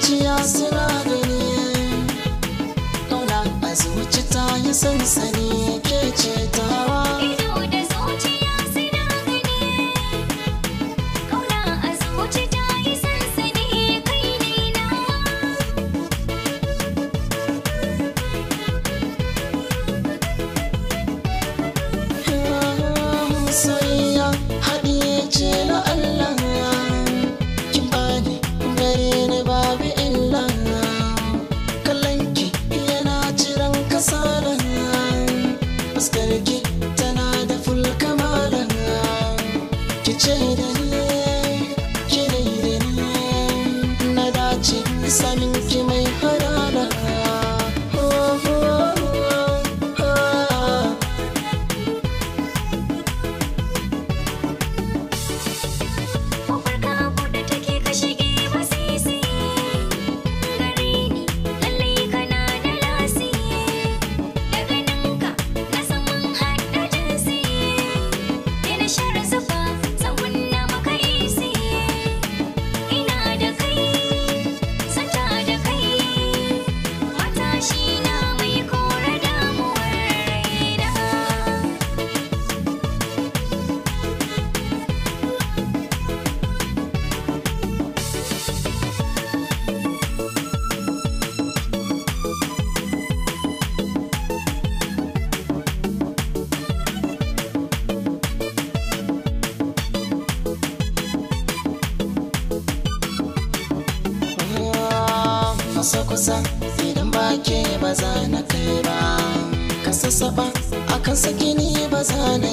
zuciya suna gani ƙauna a zuci ta yi sani Simon kusa-kusa idan ba ke ba za na kai ba kasa saba akan saki ni ba za na